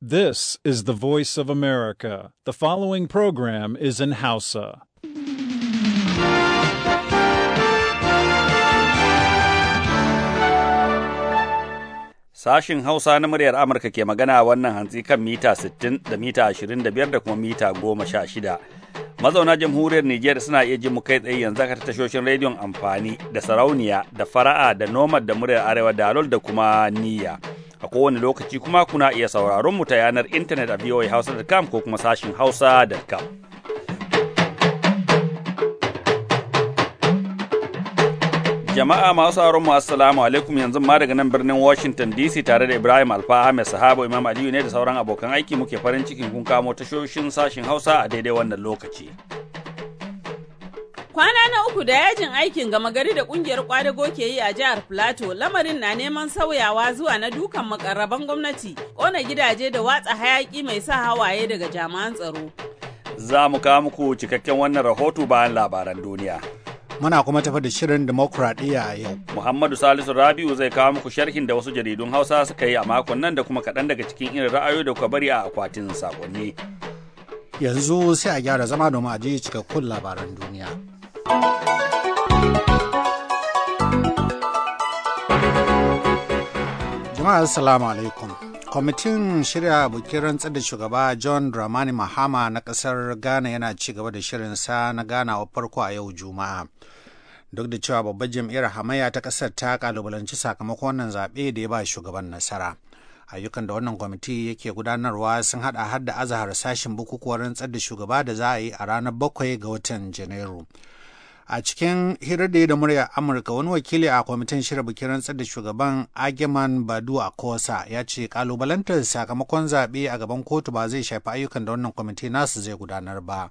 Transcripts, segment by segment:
This is the voice of America. The following program is in Hausa. Sashin Hausa na muryar Amurka ke magana wannan hantsi kan mita 60 da mita 25 da kuma mita 16. Mazauna jamhuriyar Nijar suna iya ji mu kai tsaye yanzu ta tashoshin rediyon amfani da sarauniya da fara'a da nomad da muryar arewa da da kuma niyya. a kowane lokaci kuma kuna iya sauraron mu ta yanar intanet a voahausa.com ko kuma sashin hausa.com. Jama'a masu sauran mu assalamu alaikum yanzu ma daga nan birnin Washington DC tare da Ibrahim Alfa Ahmed Sahabo Imam Aliyu ne da sauran abokan aiki muke farin cikin kun kamo tashoshin sashin Hausa a daidai wannan lokaci. Kwana na uku da yajin aikin gama gari da kungiyar kwadago ke yi a jihar Plato lamarin na neman sauyawa zuwa na dukan makarraban gwamnati, kona gidaje da watsa hayaki mai sa hawaye daga jami'an tsaro. Za mu kawo muku cikakken wannan rahoto bayan labaran duniya. Muna kuma tafi da shirin demokuraɗiyya a yau. Muhammadu Salisu Rabiu zai kawo muku sharhin da wasu jaridun Hausa suka yi a makon nan da kuma kaɗan daga cikin irin ra'ayoyi da kuka bari a akwatin sakonni. Yanzu sai a gyara zama domin a je cikakkun labaran duniya. jama'a assalamu alaikum kwamitin shirya bukin rantsar da shugaba john dramani mahama na kasar ghana yana ci gaba da shirin sa na ghana ganawa farko a yau juma'a duk da cewa babbar jam'iyyar hamayya ta kasar ta kalubalanci sakamakon wannan zaɓe da ya ba shugaban nasara ayyukan da wannan kwamiti yake gudanarwa sun hada har da azahar sashen bukukuwar rantsar da shugaba da za a yi a ranar bakwai ga watan janairu a cikin hirar da ya da murya amurka wani wakili a kwamitin shirin bikin rantsar da shugaban ageman badu a kosa ya ce kalubalantar sakamakon zaɓe a gaban kotu ba zai shafi ayyukan da wannan kwamiti nasu zai gudanar ba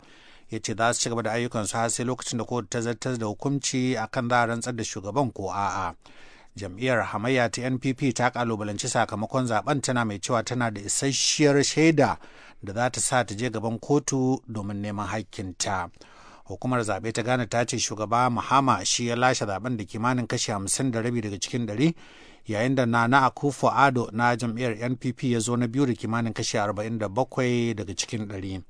ya ce za su ci gaba da ayyukansu har sai lokacin da kotu ta zartar da hukunci akan za a rantsar da shugaban ko a'a jam'iyyar hamayya ta npp ta kalubalanci sakamakon zaben tana mai cewa tana da isasshiyar shaida da za ta sa ta je gaban kotu domin neman hakkinta. ta hukumar zaɓe ta gane ta ce shugaba mahama shi ya lashe zaben da kimanin kashi hamsin da rabi daga cikin ɗari yayin da nana akufo ado na jam'iyyar npp ya zo na biyu da kimanin kashi arba'in da bakwai daga cikin ɗari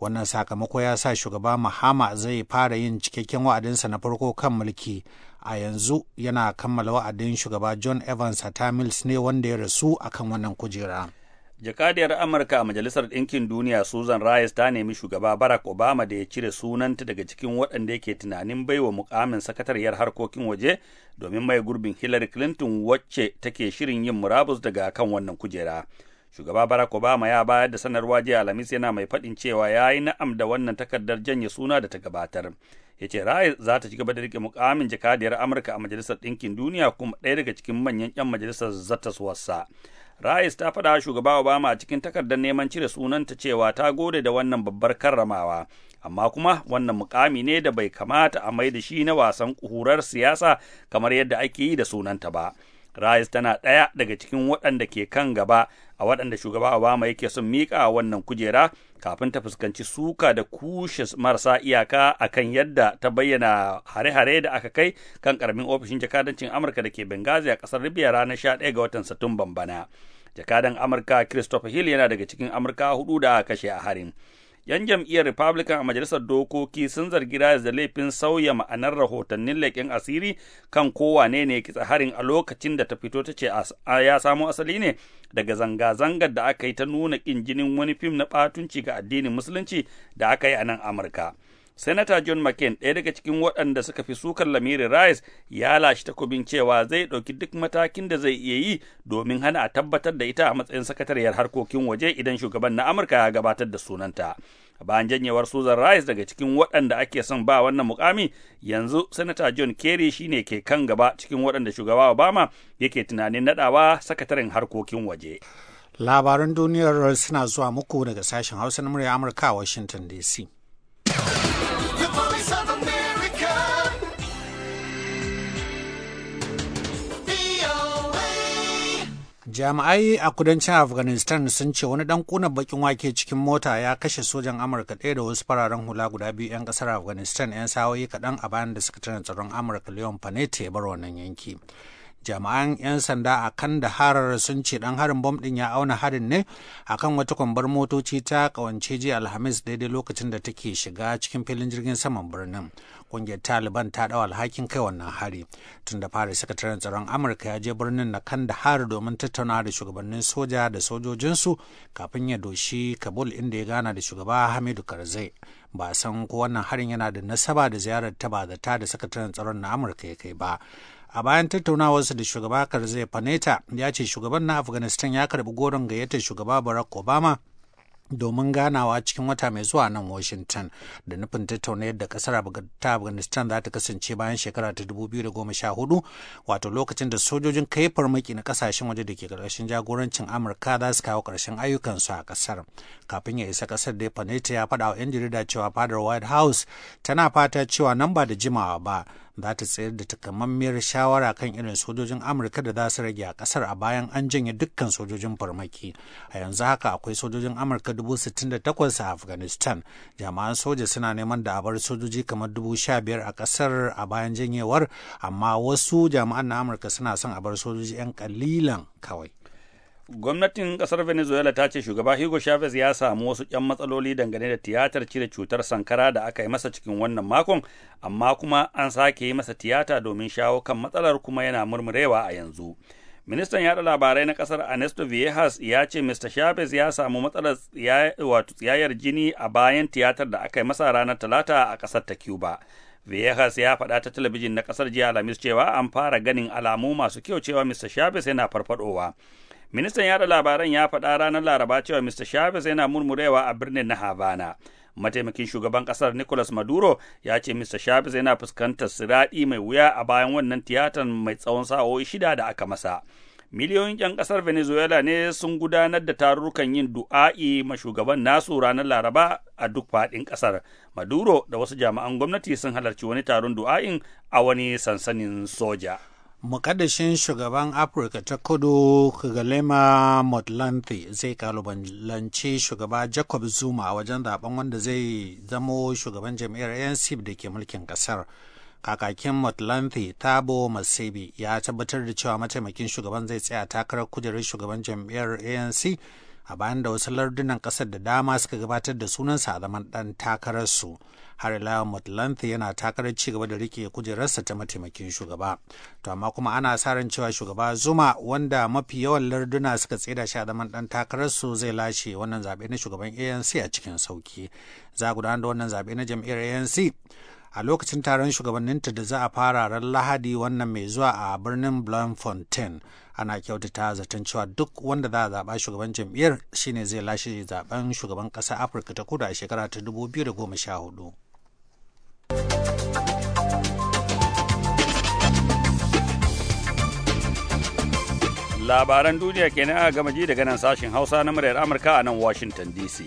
wannan sakamako ya sa shugaba mahama zai fara yin cikakken wa'adinsa na farko kan mulki a yanzu yana kammala wa'adin shugaba john evans a tamils ne wanda ya rasu akan wannan kujera. Jakadiyar Amurka a Majalisar Ɗinkin Duniya Susan Rice ta nemi shugaba Barack Obama da ya cire sunanta daga cikin waɗanda yake tunanin baiwa mukamin sakatariyar harkokin waje domin mai gurbin Hillary Clinton wacce take shirin yin murabus daga kan wannan kujera. Shugaba Barack Obama ya bayar da sanarwa jiya Alhamis yana mai faɗin cewa ya yi na'am da wannan takardar janye suna da ta gabatar. ya ce Rice za ta ci gaba da rike mukamin jakadiyar Amurka a Majalisar Ɗinkin Duniya kuma ɗaya daga cikin manyan 'yan majalisar zata wasa. Rais ta faɗa shugaba Obama a cikin takardar neman cire sunanta cewa ta gode da wannan babbar karramawa, amma kuma wannan mukami ne da bai kamata a mai da shi na wasan ƙurar siyasa kamar yadda ake yi da sunanta ba. Rice tana ɗaya daga cikin waɗanda ke kan gaba a waɗanda shugaba Obama yake son miƙa wannan kujera kafin ta fuskanci suka da kushe marasa iyaka a kan yadda ta bayyana hare-hare da aka kai kan ƙaramin ofishin jakadancin Amurka da ke Benghazi a ƙasar Libya ranar 11 ga watan Satumban bana. Jakadan Amurka Christopher Hill yana daga cikin Amurka hudu da kashe a harin. 'Yan jam'iyyar Republican a Majalisar Dokoki sun zargi Rice da laifin sauya ma'anar rahotannin leƙen asiri kan kowane ne kitsa harin a lokacin da ta fito ta ce ya samo asali ne daga zanga-zangar da aka yi ta nuna ƙin jinin wani fim na ɓatunci ga addinin Musulunci da aka yi a nan Amurka. Senator John McCain, ɗaya daga cikin waɗanda suka fi sukar Lamiri Rice, ya lashe takobin cewa zai ɗauki duk matakin da zai iya yi domin hana a tabbatar da ita a matsayin sakatariyar harkokin waje idan shugaban na Amurka ya gabatar da sunanta. bayan janyewar Susan Rice daga cikin waɗanda ake son ba wannan mukami yanzu Senator John Kerry shine ke kan gaba cikin waɗanda shugaba Obama yake tunanin naɗawa sakataren harkokin waje. Labaran duniyar suna zuwa muku daga sashen Hausa na murya Amurka a Washington DC. Voice Jami'ai a kudancin Afghanistan sun ce wani dan kuna bakin wake cikin mota ya kashe sojan Amurka ɗaya da wasu fararen hula guda biyu 'yan ƙasar Afghanistan 'yan sawoyi kaɗan a bayan da sakataren tsaron Amurka Leon Panetta ya bar wannan yanki. jami'an 'yan sanda a kandahar sun ce dan harin bom din ya auna harin ne akan wata kwambar motoci ta kawance jiya alhamis daidai lokacin da take shiga cikin filin jirgin saman birnin kungiyar taliban ta dawo alhakin kai wannan hari tun da fara sakataren tsaron amurka ya je birnin na kandahar domin tattauna da shugabannin soja da sojojinsu kafin ya doshi kabul inda ya gana da shugaba hamidu karzai ba san ko wannan harin yana da nasaba da ziyarar ta ba da sakataren tsaron na amurka ya kai ba a bayan tattaunawarsa da shugaba karzai faneta ya ce shugaban na afghanistan ya karbi goron gayyatar shugaba barack obama domin ganawa cikin wata mai zuwa nan washington da nufin tattauna yadda kasar ta afghanistan za ta kasance bayan shekara ta 2014 wato lokacin da sojojin kai farmaki na kasashen waje da ke karkashin jagorancin amurka za su kawo karshen ayyukansu a kasar kafin ya isa kasar da faneta ya faɗa wa 'yan jarida cewa fadar white house tana fata cewa nan ba da jimawa ba za ta tsayar da takamammiyar shawara kan irin sojojin amurka da za su rage a kasar a bayan an janye dukkan sojojin farmaki a yanzu haka akwai sojojin amurka dubu da a afghanistan jama'an soja suna neman da a bar sojoji kamar dubu a kasar a bayan janyewar amma wasu jama'an na amurka suna son a bar sojoji 'yan kalilan kawai Gwamnatin ƙasar Venezuela ta ce shugaba Hugo Chavez ya samu wasu ƴan matsaloli dangane da tiyatar cire cutar sankara da aka yi masa cikin wannan makon, amma kuma an sake yi masa tiyata domin shawo kan matsalar kuma yana murmurewa a yanzu. Ministan yaɗa labarai na ƙasar Ernesto Viejas ya ce Mr. Chavez ya samu matsalar tsiyayar jini a bayan tiyatar da aka yi masa ranar Talata a ƙasar ta Cuba. Viejas ya faɗa ta talabijin na ƙasar jiya Alhamis cewa an fara ganin alamu masu kyau cewa Mr. Chavez yana farfadowa. Ministan yada labaran ya faɗa ranar Laraba cewa Mr. Chavez yana murmurewa a birnin na Havana. Mataimakin shugaban ƙasar Nicolas Maduro ya ce Mr. Chavez yana fuskantar siraɗi mai wuya a bayan wannan tiyatar mai tsawon sa'o'i shida da aka masa. Miliyoyin 'yan ƙasar Venezuela ne sun gudanar da tarurrukan yin du'a'i ma shugaban nasu ranar Laraba a duk faɗin ƙasar. Maduro da wasu jami'an gwamnati sun halarci wani taron du'a'in a wani sansanin soja. mukaddashin shugaban afirka ta kudu Galema motlanthe zai kalubalance shugaba jacob zuma wajen zaben wanda zai zamo shugaban jam'iyyar ANC da ke mulkin kasar kakakin motlanthe tabo masebi ya tabbatar da cewa mataimakin shugaban zai tsaya takarar kujerar shugaban jam'iyyar anc a bayan da wasu lardunan ƙasar da dama suka gabatar da sunansa a zaman ɗan takararsu. har ila Mutlanthe yana takarar ci gaba da rike kujerarsa ta mataimakin shugaba. To amma kuma ana sa ran cewa shugaba Zuma wanda mafi yawan larduna suka tseda shi a zaman dan takararsu zai lashe wannan zaɓe na shugaban ANC a cikin sauki. Za a gudanar da wannan zaɓe na jam'iyyar ANC a lokacin taron shugabanninta da za a fara ran Lahadi wannan mai zuwa a birnin Bloemfontein. ana kyautata zaton cewa duk wanda za a zaɓa shugaban jam'iyyar shine zai lashe zaben shugaban ƙasar afirka ta kudu a shekara ta 2014 labaran duniya kenan aka gama ji daga nan sashen hausa na muryar amurka a nan washington dc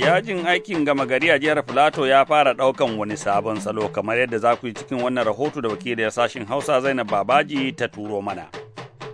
Yajin aikin gama gari a jihar Filato ya fara ɗaukan wani sabon salo kamar yadda za ku yi cikin wannan rahoto da da sashin Hausa Zainab Babaji ta turo mana.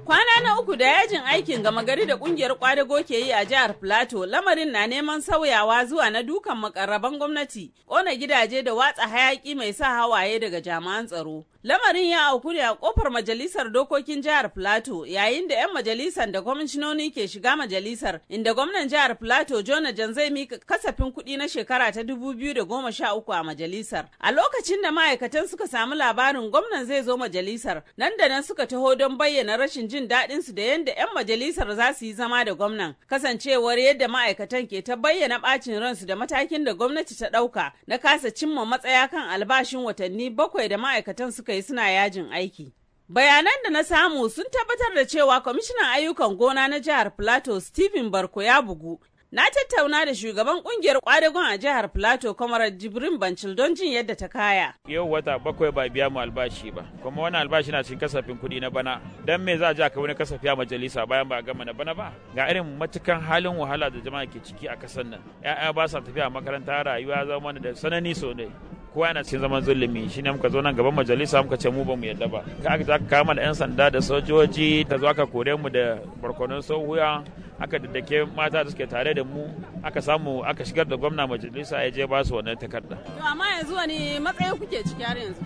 Kwana na uku da yajin aikin gama gari da kungiyar kwadago ke yi a jihar filato lamarin na neman sauyawa zuwa na dukan makarraban gwamnati, kona gidaje da watsa hayaki mai sa hawaye daga jami'an tsaro. Lamarin ya auku ne a kofar majalisar dokokin jihar Plateau yayin da 'yan majalisar da kwamishinoni ke shiga majalisar inda gwamnan jihar Plateau jan zai mika kasafin kuɗi na shekara ta 2013 a majalisar. A lokacin da ma'aikatan suka samu labarin gwamnan zai zo majalisar nan da nan suka taho don bayyana rashin jin daɗin su da yadda 'yan majalisar za su yi zama da gwamnan kasancewar yadda ma'aikatan ke ta bayyana ɓacin ransu da matakin da gwamnati ta ɗauka na kasa cimma matsaya kan albashin watanni bakwai da ma'aikatan suka kai suna yajin aiki. Bayanan da na samu sun tabbatar da cewa kwamishinan ayyukan gona na jihar Filato Stephen Barko ya bugu. Na tattauna da shugaban kungiyar kwadagon a jihar Filato kamar Jibrin Bancil don jin yadda ta kaya. Yau wata bakwai ba biya mu albashi ba, kuma wani albashi na cikin kasafin kuɗi na bana. Dan me za a ka wani kasafi a majalisa bayan ba a gama na bana ba? Ga irin matukan halin wahala da jama'a ke ciki a kasan nan. 'Ya'ya ba sa tafiya makaranta rayuwa zama da sanani so ne. kowa yana cikin zaman zulumi ne muka zo nan gaban majalisa muka ce mu ba mu yadda ba ka aka zaka kama da yan sanda da sojoji ta zo aka kore mu da barkonon sauhuya aka daddake mata da suke tare da mu aka samu aka shigar da gwamna majalisa ya je ba su wannan takarda to amma yanzu wani matsayin kuke ciki har yanzu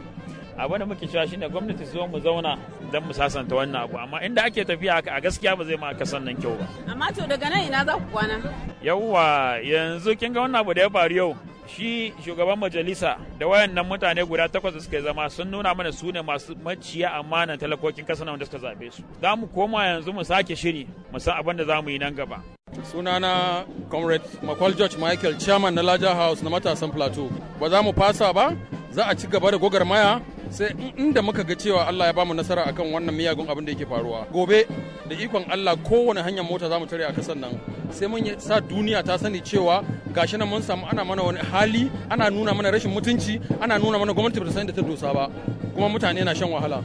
A da muke cewa shine gwamnati zo mu zauna don mu sasanta wannan abu amma inda ake tafiya a gaskiya ba zai ma san nan kyau ba amma to daga nan ina za ku kwana yawwa yanzu kin ga wannan abu da ya faru yau shi shugaban majalisa da wayannan mutane guda takwas da suka zama sun nuna mana su ne masu maciya amanan talakokin kasa wanda suka zabe su za mu koma yanzu mu sake shiri mu san abin da za mu yi nan gaba sunana comrade mccall george michael chairman na larger house na matasan plateau ba za mu fasa ba za a ci gaba da gogar maya. sai inda muka ga cewa Allah ya bamu nasara akan wannan miyagun abin da yake faruwa gobe da ikon Allah kowane hanyar mota za mu tare a kasan nan sai mun sa duniya ta sani cewa gashi nan mun samu ana mana wani hali ana nuna mana rashin mutunci ana nuna mana gwamnati ta san da ta dosa ba kuma mutane na shan wahala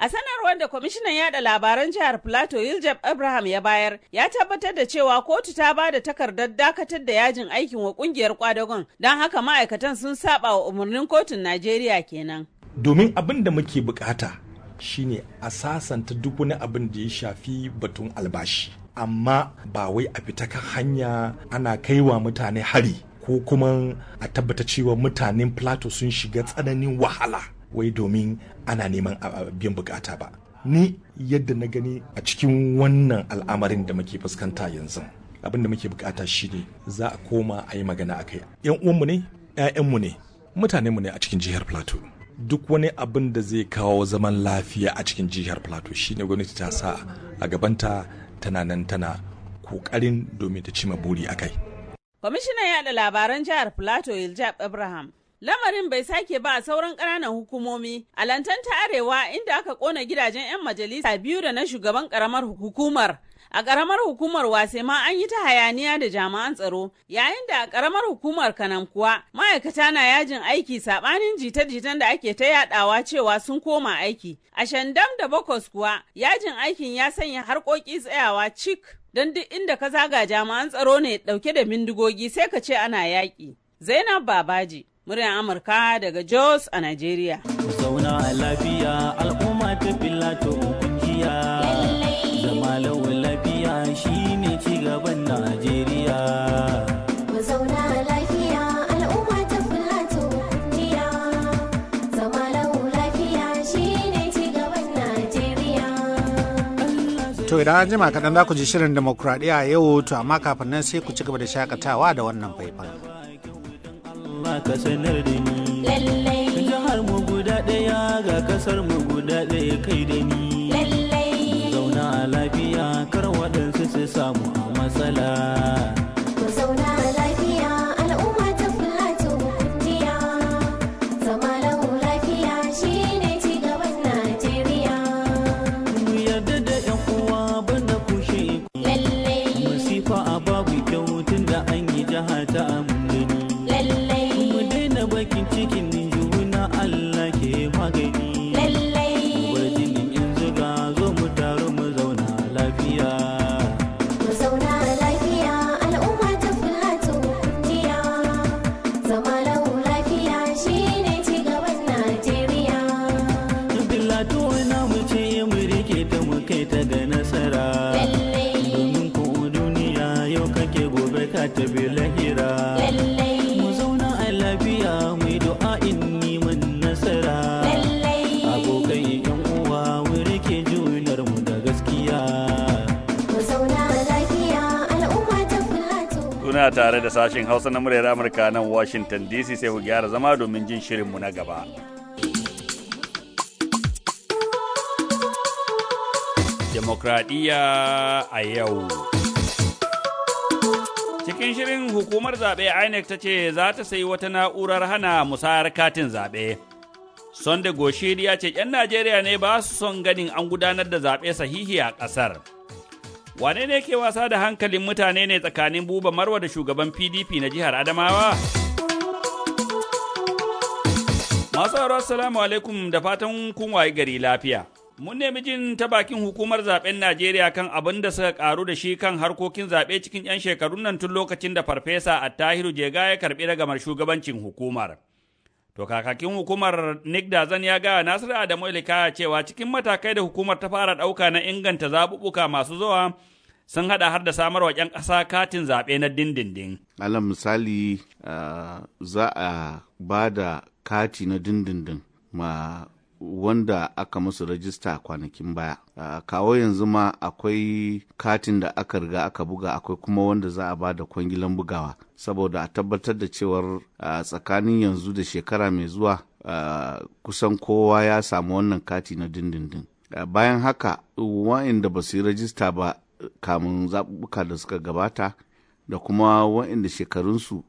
A sanarwar da kwamishinan yada labaran jihar Plateau Yiljab Abraham ya bayar, ya tabbatar da cewa kotu ta ba da takardar dakatar da yajin aikin wa kungiyar kwadagon, don haka ma'aikatan sun saba wa umarnin kotun Najeriya kenan. domin abin da muke bukata shine a sasanta duk wani abin da ya shafi batun albashi amma ba wai a fita kan hanya ana kaiwa mutane hari ko kuma a tabbata cewa mutanen plato sun shiga tsananin wahala wai domin ana neman biyan bukata ba ni yadda na gani a cikin wannan al'amarin da muke fuskanta yanzu abin da muke bukata shine za a koma a yi magana a kai 'yan uwanmu ne 'ya'yanmu ne mutanenmu ne a cikin jihar plateau duk wani abin da zai kawo zaman lafiya a cikin jihar plateau shine gwamnati ta sa a gabanta tana nan tana kokarin domin ta cima buri a kai kwamishinan yada labaran jihar plateau iljab abraham lamarin bai sake ba a sauran ƙananan hukumomi a lantan ta arewa inda aka kona gidajen 'yan majalisa biyu da na shugaban ƙaramar hukumar A ƙaramar hukumar wase ma an yi ta hayaniya da jami'an tsaro, yayin da a ƙaramar hukumar kanan kuwa ma'aikata na yajin aiki saɓanin jita-jitan da ake ta yaɗawa cewa sun koma aiki. A Shandam da Bokos kuwa yajin aikin ya sanya harkoki tsayawa cik don duk inda ka zaga jami'an tsaro ne ɗauke da bindigogi sai ka ce ana yaƙi. Zainab Babaji, muryar Amurka daga Jos a Najeriya. Ku zauna lafiya al'umma ta zama lau lafiya shine ci gaban najeriya lafiya al'umma zama lau lafiya shine ci gaban najeriya to idan an jima kaɗan za ku ji shirin a yau to amma kafin nan sai ku ci gaba da shakatawa da wannan faifan Allah da ni lallai jihar mu guda ɗaya ga kasar mu guda ɗaya kai da ni lafiya kar waɗansu su samu a matsala tare da sashen Hausa na muryar Amurka nan Washington DC sai ku gyara zama domin jin shirinmu na gaba. Demokradiyya a yau. Cikin shirin hukumar zaɓe INEC ta ce za ta sayi wata na'urar hana musayar katin zaɓe. Sunday Goshiri ya ce ‘yan Najeriya ne ba su son ganin an gudanar da zaɓe sahihi a ƙasar. Wane ne ke wasa da hankalin mutane ne tsakanin Buba Marwa da shugaban PDP na jihar Adamawa? Masu assalamu alaikum da fatan kun waye gari lafiya. Mun nemi jin ta bakin hukumar zaben Najeriya kan abin da suka karu da shi kan harkokin zaɓe cikin 'yan shekarun nan tun lokacin da Farfesa Attahiru Jega ya karɓi ragamar shugabancin hukumar. To kakakin hukumar Nick Dazan ya gaya Nasiru Adamu Ilikaya cewa cikin matakai da hukumar ta fara ɗauka na inganta zaɓuɓɓuka masu zuwa sun haɗa har da samar wa ‘yan ƙasa katin zaɓe na dindindin. Alam misali ah, za a ba da kati na dindindin ma wanda aka musu rajista kwanakin baya kawo yanzu ma akwai katin da aka riga aka buga akwai kuma wanda za a ba da kwangilan bugawa saboda a tabbatar da cewar tsakanin yanzu da shekara mai zuwa kusan kowa ya samu wannan kati na dindindin bayan haka wa'inda ba su yi rajista ba kamun zaɓuɓɓuka da suka gabata da kuma wa'inda shekarunsu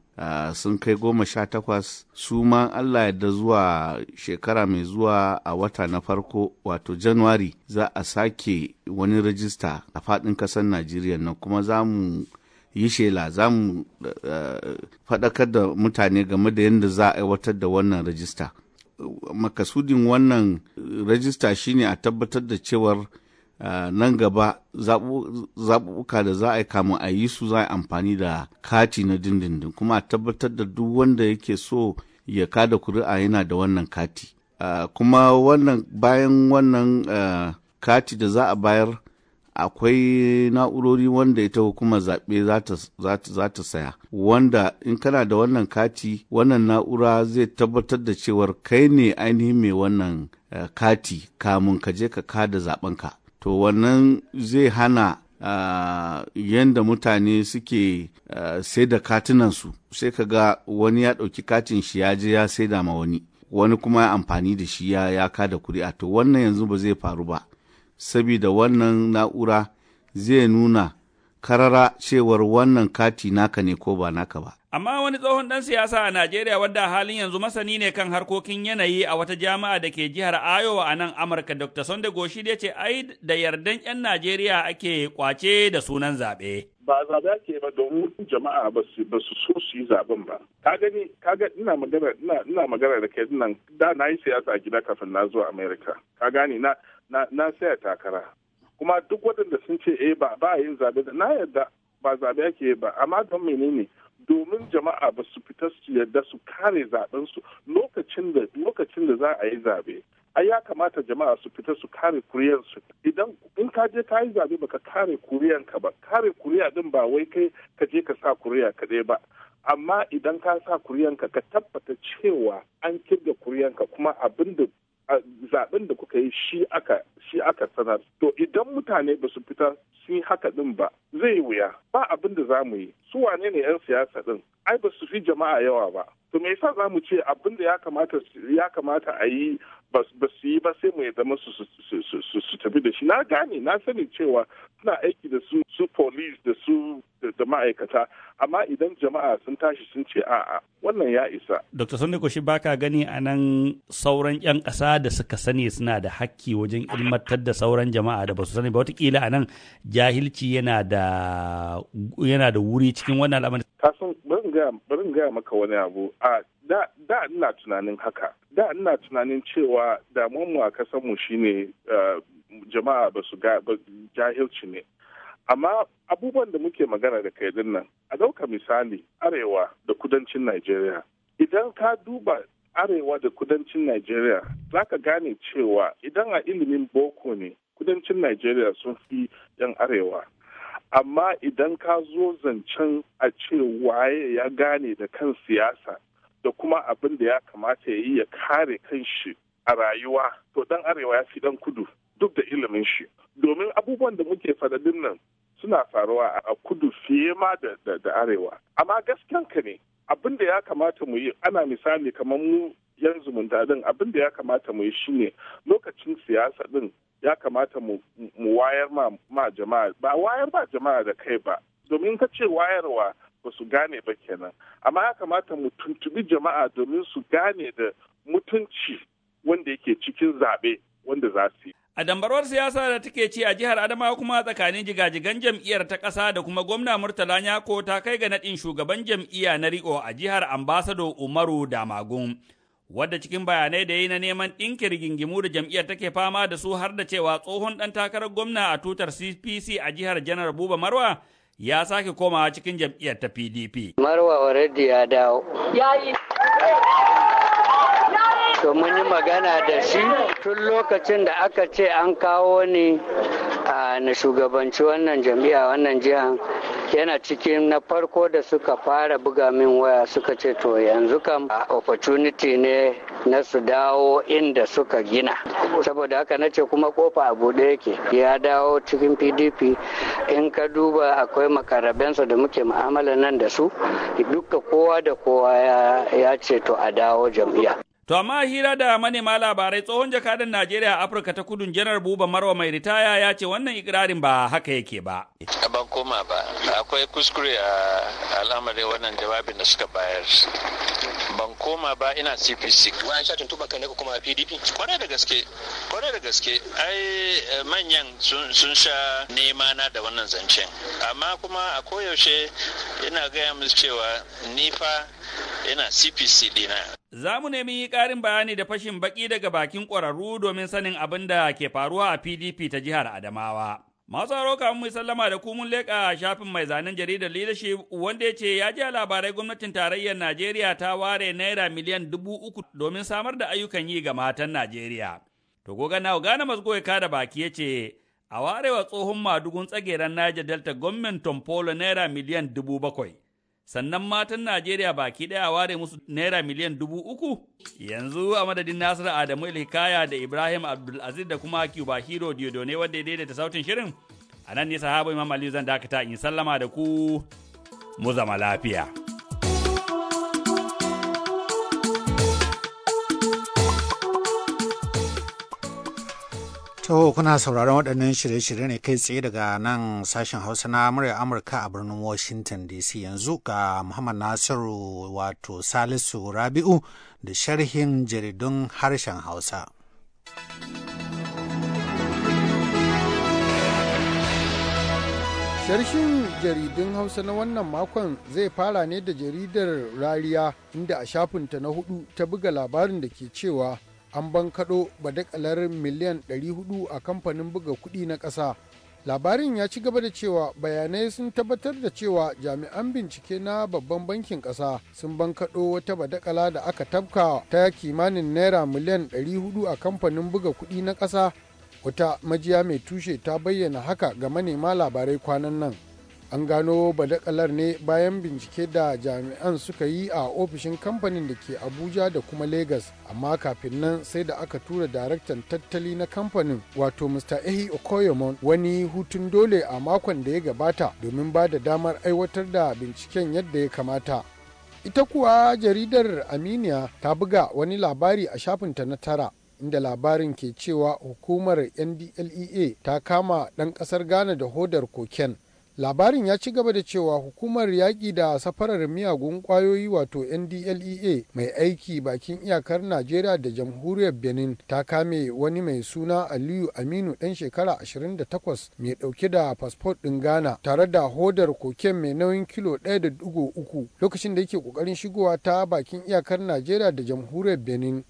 sun kai goma sha takwas su ma Allah yadda zuwa shekara mai zuwa a wata na farko wato januari za a sake wani rajista a faɗin ƙasar Najeriya nan kuma za mu yi shela za mu faɗakar da mutane game da yadda za a aiwatar da wannan rajista. Makasudin wannan rajista shine a tabbatar da cewar Ah, nan gaba zaɓuɓɓuka da za a yi kamun a yi su za a amfani da kati na dindindin kuma a tabbatar da duk wanda yake so ya kada kuri'a yana da wannan kati ah, kuma wannan bayan wannan ah, kati da za a bayar akwai na'urori wanda ita hukumar zaɓe za ta saya wanda in kana da wannan kati wannan na'ura zai tabbatar da cewar kai ne ainihin mai wannan kati kamun ka je ka kada zaɓenka to wannan zai hana Uh, yadda mutane suke uh, sai da katunansu sai ka ga wani ya ɗauki katin shi ya je ya sai da ma wani wani kuma ya amfani da shi ya ya kada kuri'a to wannan yanzu ba zai faru ba sabida wannan na'ura zai nuna karara cewar wannan kati naka ne ko ba naka ba Amma wani tsohon ɗan siyasa a Najeriya wadda halin yanzu masani ne kan harkokin yanayi a wata jami'a da ke jihar Ayowa a nan Amurka Dr. Sonde Goshi ya ce ai da yardan 'yan Najeriya ake kwace da sunan zaɓe. Ba zaɓe ake ba domin jama'a ba su so su yi zaɓen ba. Ka gani ka ga ina magana ina magana da kai nan da na yi siyasa a gida kafin na zo Amerika. Ka gani na na saya takara. Kuma duk waɗanda sun ce eh ba ba yin zaɓe na yarda ba zaɓe ake ba amma don menene domin jama'a ba su fita su yarda su kare zaɓensu lokacin da za a yi zaɓe ai ya kamata jama'a su fita su kare kuriyarsu idan in ka je ka yi zaɓe baka kare kuriyanka ba kare kuriya din ba wai kai ka je ka sa kuriya kaɗai ba amma idan ka sa kuriyanka ka tabbata cewa an kirga kuriyanka kuma abin da zaɓen da kuka yi shi aka sanar to idan mutane ba su fita sun yi haka din ba zai yi wuya ba abin da za mu yi su wane ne 'yan siyasa din ai ba su fi jama'a yawa ba to me yasa za mu ce abin da ya kamata ya kamata a yi ba su yi ba sai mu ya zama su tafi da shi na gane na sani cewa suna aiki da su su police da su da da ma'aikata amma idan jama'a sun tashi sun ce a'a wannan ya isa. Dr. Sandiko shi baka gani a nan sauran 'yan ƙasa da suka sani suna da hakki wajen ilmantar da sauran jama'a da ba su sani ba watakila a nan jahilci yana da wuri cikin wannan al'amari. Kasan bari gaya maka wani abu a da da ina tunanin haka da ina tunanin cewa damuwan mu a kasan mu shine eh, jama'a ba su ga jahilci ne. amma abubuwan da muke magana da kai nan a ɗauka misali arewa da kudancin najeriya idan ka duba arewa da kudancin najeriya za ka gane cewa idan a ilimin boko ne kudancin najeriya sun fi yan arewa amma idan ka zo zancen a ce waye ya gane da kan siyasa da kuma abin da ya kamata ya yi ya kare kan shi a rayuwa to dan arewa ya fi dan kudu duk da ilimin shi domin abubuwan da muke faɗaɗin nan suna faruwa a kudu fiye ma da arewa amma gaskiyan ka ne abin da ya kamata mu yi ana misali kamar mu yanzu zumunta din abin da ya kamata mu yi shine lokacin siyasa din ya kamata mu wayar ma jama'a ba wayar ba jama'a da kai ba domin ka ce wayarwa ba su gane ba kenan amma ya kamata mu tuntubi jama'a domin su gane da mutunci wanda yake cikin zabe wanda za su yi A dambarwar siyasa da take ci a jihar Adamawa kuma tsakanin jigajigan jam'iyyar ta ƙasa da kuma gwamna Murtala Nyako ta kai ga naɗin shugaban jam'iyya na Riko a jihar Ambasado Umaru Damagun. Wadda cikin bayanai da yi na neman ɗinki rigingimu da jam'iyyar take fama da su har da cewa tsohon ɗan takarar gwamna a tutar CPC a jihar Janar Buba Marwa ya sake komawa cikin jam'iyyar ta PDP. Marwa already ya dawo. to mun yi magana da shi tun lokacin da aka ce an kawo ni na shugabanci wannan jami'a wannan jiha yana cikin na farko da suka fara buga min waya suka ce to yanzu kam opportunity ne na su dawo inda suka gina saboda haka na ce kuma kofa a buɗe yake ya dawo cikin pdp in ka duba akwai makarabensa da muke mu'amala nan da su duka kowa da kowa ya ce to a dawo jam'iyya To amma hira da manema labarai tsohon jakadan Najeriya Afirka ta kudun janar Buba Marwa mai ritaya ya ce wannan ikirarin ba haka yake ba. Ban koma ba, akwai kuskure a al'amarin wannan jawabin da suka bayar. Ban koma ba ina CPC. Wayan shatin tuba kan daga kuma PDP. Kwarai da gaske, kwarai da gaske. Ai manyan sun sha nema na da wannan zancen. Amma kuma a koyaushe ina gaya musu cewa ni fa Ina cpc dina za mu nemi ƙarin bayani da fashin baki daga bakin ƙwararru domin sanin abin da ke faruwa a pdp ta jihar adamawa Masu haro kamun mai sallama da kumun leƙa shafin mai zanen jaridar leadership wanda ya ce ya ji labarai gwamnatin tarayyar Najeriya ta ware naira miliyan dubu uku domin samar da ayyukan yi ga matan Najeriya. To goga na gane masu ya kada baki ya ce a ware wa tsohon madugun tsageren Niger Delta gwamnatin Tompolo naira miliyan dubu bakwai. sannan matan Najeriya baki ɗaya ware musu naira miliyan dubu uku. Yanzu a madadin Nasiru Adamu Ilhikaya da Ibrahim Abdulaziz da kuma Cuba Hero ne wanda ya daidaita sautin shirin. A nan ne sahaba Imam Ali zan dakata in sallama da ku mu zama lafiya. To kuna sauraron waɗannan shirye-shirye ne kai tsaye daga nan sashen Hausa na murya Amurka a birnin Washington DC yanzu ga Muhammad Nasiru wato Salisu Rabi'u da sharhin jaridun harshen Hausa. Sharshin jaridun Hausa na wannan makon zai fara ne da jaridar Rariya inda a shafinta na hudu ta buga labarin da ke cewa an bankaɗo badakalar miliyan 400 a kamfanin buga kuɗi na ƙasa labarin ya ci gaba da cewa bayanai sun tabbatar da cewa jami'an bincike na babban bankin ƙasa sun bankaɗo wata badakala da aka tabka ta kimanin naira miliyan 400 a kamfanin buga kuɗi na ƙasa wata majiya mai tushe ta bayyana haka ga manema labarai kwanan nan an gano badakalar ne bayan bincike da jami'an suka yi a ofishin kamfanin da ke abuja da kuma lagos amma kafin nan sai da aka tura daraktan tattali na kamfanin wato mr ehi okoyomon wani hutun dole a makon da ya gabata domin ba da damar aiwatar da binciken yadda ya kamata ita kuwa jaridar aminiya ta buga wani labari a shafinta na tara inda labarin ke cewa hukumar ndlea ta kama ɗan ƙasar ghana da hodar koken labarin ya ci gaba da cewa hukumar yaƙi da safarar miyagun ƙwayoyi wato ndlea mai aiki bakin iyakar najeriya da jamhuriyar benin ta kame wani mai suna aliyu aminu ɗan shekara 28 mai ɗauke da fasfot ɗin ghana tare da hodar koken mai nauyin kilo 1.3 lokacin da yake ƙoƙarin shigowa ta bakin iyakar najeriya da jamhuriyar benin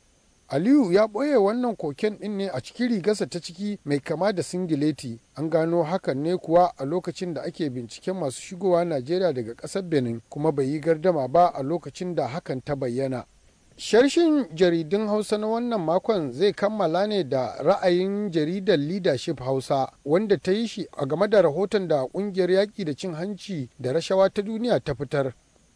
Aliyu ya ɓoye wannan koken ɗin ne a cikin rigarsa ta ciki mai kama da singileti. An gano hakan ne kuwa a lokacin da ake binciken masu shigowa Najeriya daga ƙasar Benin kuma bai yi gardama ba a lokacin da hakan ta bayyana. Sharshin jaridun Hausa na wannan makon zai kammala ne da ra'ayin jaridar Leadership Hausa wanda ta yi shi a game da rahoton da kungiyar yaƙi da cin hanci da rashawa ta duniya ta fitar.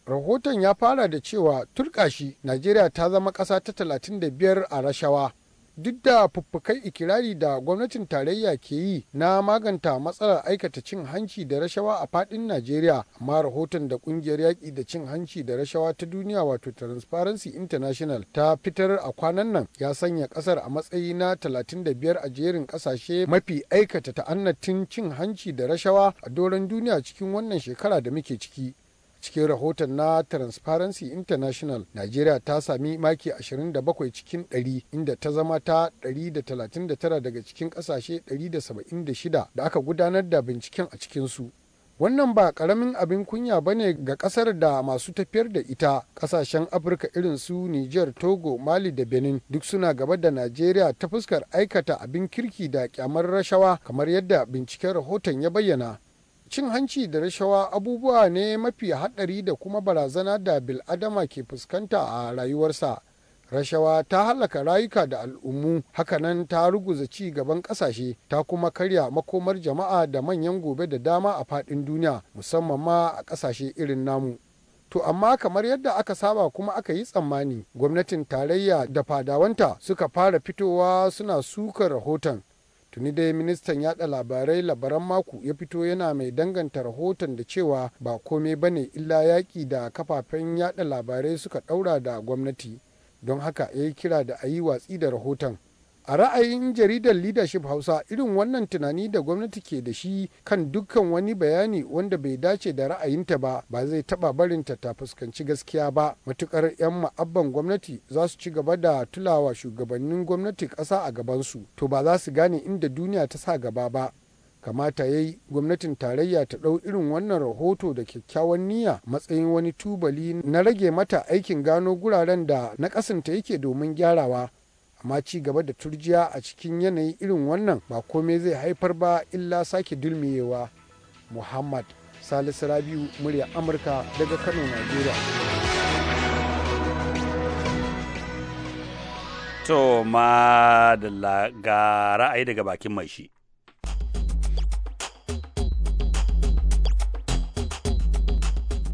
rahoton ya fara da cewa turkashi najeriya ta zama kasa ta 35 a rashawa duk da fuffukai ikirari da gwamnatin tarayya ke yi na maganta matsalar aikata cin hanci da rashawa a fadin najeriya amma rahoton da kungiyar yaƙi da cin hanci da rashawa ta duniya wato transparency international ta fitar a kwanan nan ya sanya kasar a matsayi na 35 a jerin kasashe mafi aikata ta'annatin cin hanci da rashawa a doron duniya cikin wannan shekara da muke ciki cikin rahoton na transparency international najeriya ta sami maki 27 cikin 100 inda ta zama ta 139 daga cikin kasashe 176 da aka gudanar da binciken a cikinsu wannan ba karamin abin kunya ba ne ga kasar da masu tafiyar da ita kasashen afirka irin su niger togo mali da benin duk suna gaba da najeriya ta fuskar aikata abin kirki da kyamar rashawa kamar yadda binciken rahoton ya bayyana cin hanci da rashawa abubuwa ne mafi haɗari da kuma barazana da bil'adama ke fuskanta a rayuwarsa rashawa ta halaka rayuka da al'ummu hakanan ta ruguza ci gaban ƙasashe, ta kuma karya makomar jama'a da manyan gobe da dama a faɗin duniya musamman ma a ƙasashe irin namu To amma kamar yadda aka saba kuma aka yi tsammani gwamnatin tarayya da fadawanta suka fara fitowa suna sukar rahoton tuni dai ministan yada labarai labaran mako ya fito yana mai danganta rahoton da cewa ba komai bane illa yaƙi da kafafen yada labarai suka ɗaura da gwamnati don haka ya yi kira da a yi watsi da rahoton a ra'ayin jaridar leadership hausa irin wannan tunani da gwamnati ke da shi kan dukkan wani bayani wanda bai dace da ra'ayinta ba ba zai taba barin ta ta fuskanci gaskiya ba matukar 'yan ma'abban gwamnati za su ci gaba da tulawa shugabannin gwamnati ƙasa a gabansu to ba za su gane inda duniya ta sa gaba ba kamata yayi gwamnatin tarayya ta ɗau irin wannan rahoto da kyakkyawan niyya matsayin wani tubali na rage mata aikin gano guraren da na ƙasanta yake domin gyarawa amma ci gaba da turjiya a cikin yanayi irin wannan ba komai zai haifar ba illa sake dulmiyewa muhammad salisu rabiu murya amurka daga kano nigeria to ma ga ra'ayi daga bakin mai shi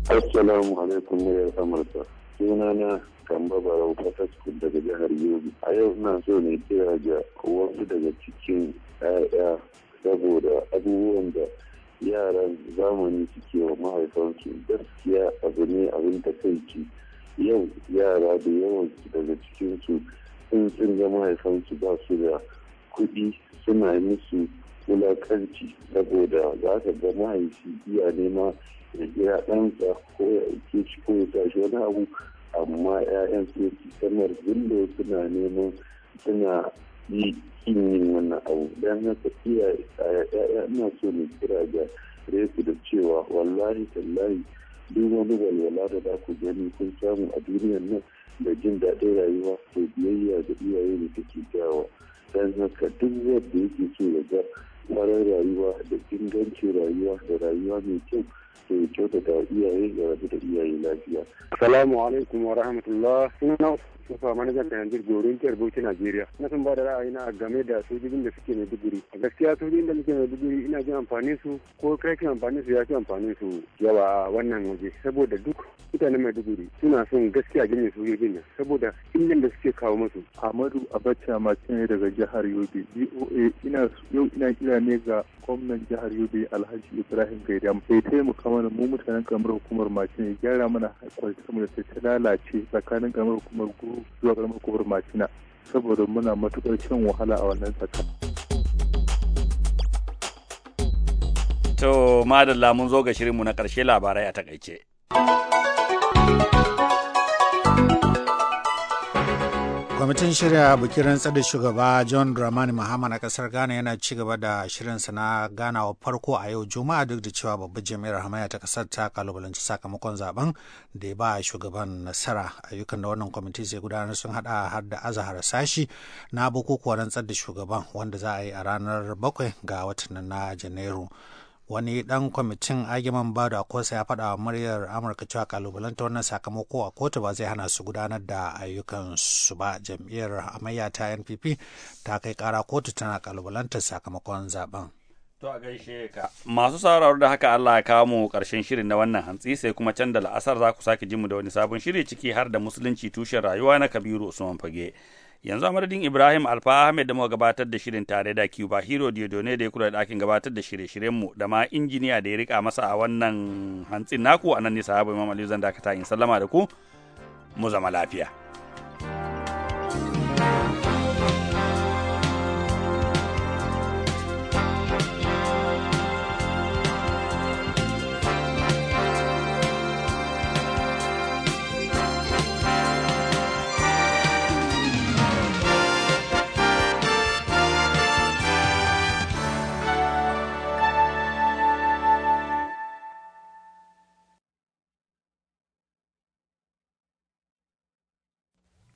assalamu alaikum muryar amurka sunana kamba barau ta daga jihar yobe a yau ina so ne kira ga wasu daga cikin 'ya'ya saboda abubuwan da yaran zamani suke wa mahaifansu gaskiya abu ne abin takaici yau yara da yawan daga cikinsu sun sun ga mahaifansu ba su da kuɗi suna musu wulakanci saboda za ka ga mahaifi iya nema ya kira ɗansa ko ya ke shi ko ya tashi wani abu amma 'ya'yan su kamar gillo suna neman suna yi yin wannan abu don haka ya'ya ina so ne kira ga reku da cewa wallahi tallahi duk wani walwala da za ku gani kun samu a duniyar nan da jin daɗin rayuwa ko biyayya ga iyaye da take jawa don haka duk wanda yake so ya ga farar rayuwa da ingancin rayuwa da rayuwa mai kyau ke kyautata iyaye ya rabu da iyaye lafiya. Assalamu alaikum wa rahmatullah. Suna Musa manajan da yanzu gorin jihar Najeriya. Na sun ba da na game da sojojin da suke Maiduguri. A gaskiya sojojin da muke Maiduguri ina jin amfani su ko ke amfanin su ya fi amfanin su yawa wannan waje saboda duk mai Maiduguri suna son gaskiya gane sojojin nan saboda illan da suke kawo musu. Ahmadu Abacha mace ne daga jihar Yobe. BOA ina yau ina kira ne ga gwamnan jihar Yobe Alhaji Ibrahim Gaidam. Sai taimaka taimaka da mu mutanen karamar hukumar macina ya gyara mana kwalitar mu da ta lalace tsakanin karamar hukumar guru zuwa karamar hukumar macina saboda muna matukar cin wahala a wannan tsakan. To madalla mun zo ga shirinmu na ƙarshe labarai a takaice. kwamitin shirya bikin rantsar da shugaba john dramani mahama na kasar ghana yana ci gaba da shirinsa na ganawa farko a yau juma'a duk da cewa Babban jami'ar hamaya ta kasar ta kalubalanci sakamakon zaben da ya ba shugaban nasara ayyukan da wannan kwamiti zai gudanar sun hada har da azahar sashi na bukukuwan rantsar da shugaban wanda za a yi a ranar bakwai ga watan na janairu wani dan kwamitin agiman bado a kosa ya faɗa wa muryar amurka cewa kalubalanta wannan sakamako a kotu ba zai hana su gudanar da ayyukan su ba jam'iyyar amayya ta npp ta kai kara kotu tana kalubalantar sakamakon zaben To a gaishe ka. Masu sauraro da haka Allah ya kawo mu karshen shirin na wannan hantsi sai kuma can da la'asar za ku sake mu da wani sabon shiri ciki har da musulunci tushen rayuwa na Kabiru Usman Fage. yanzu a madadin ibrahim alfa ahmed da muka gabatar da shirin tare da cuba hero diodone da ya kula da ɗakin gabatar da shirye-shiryenmu da ma injiniya da ya rika masa a wannan hantsin naku a nan nisa abu imam aliyu zan dakata in sallama da ku mu zama lafiya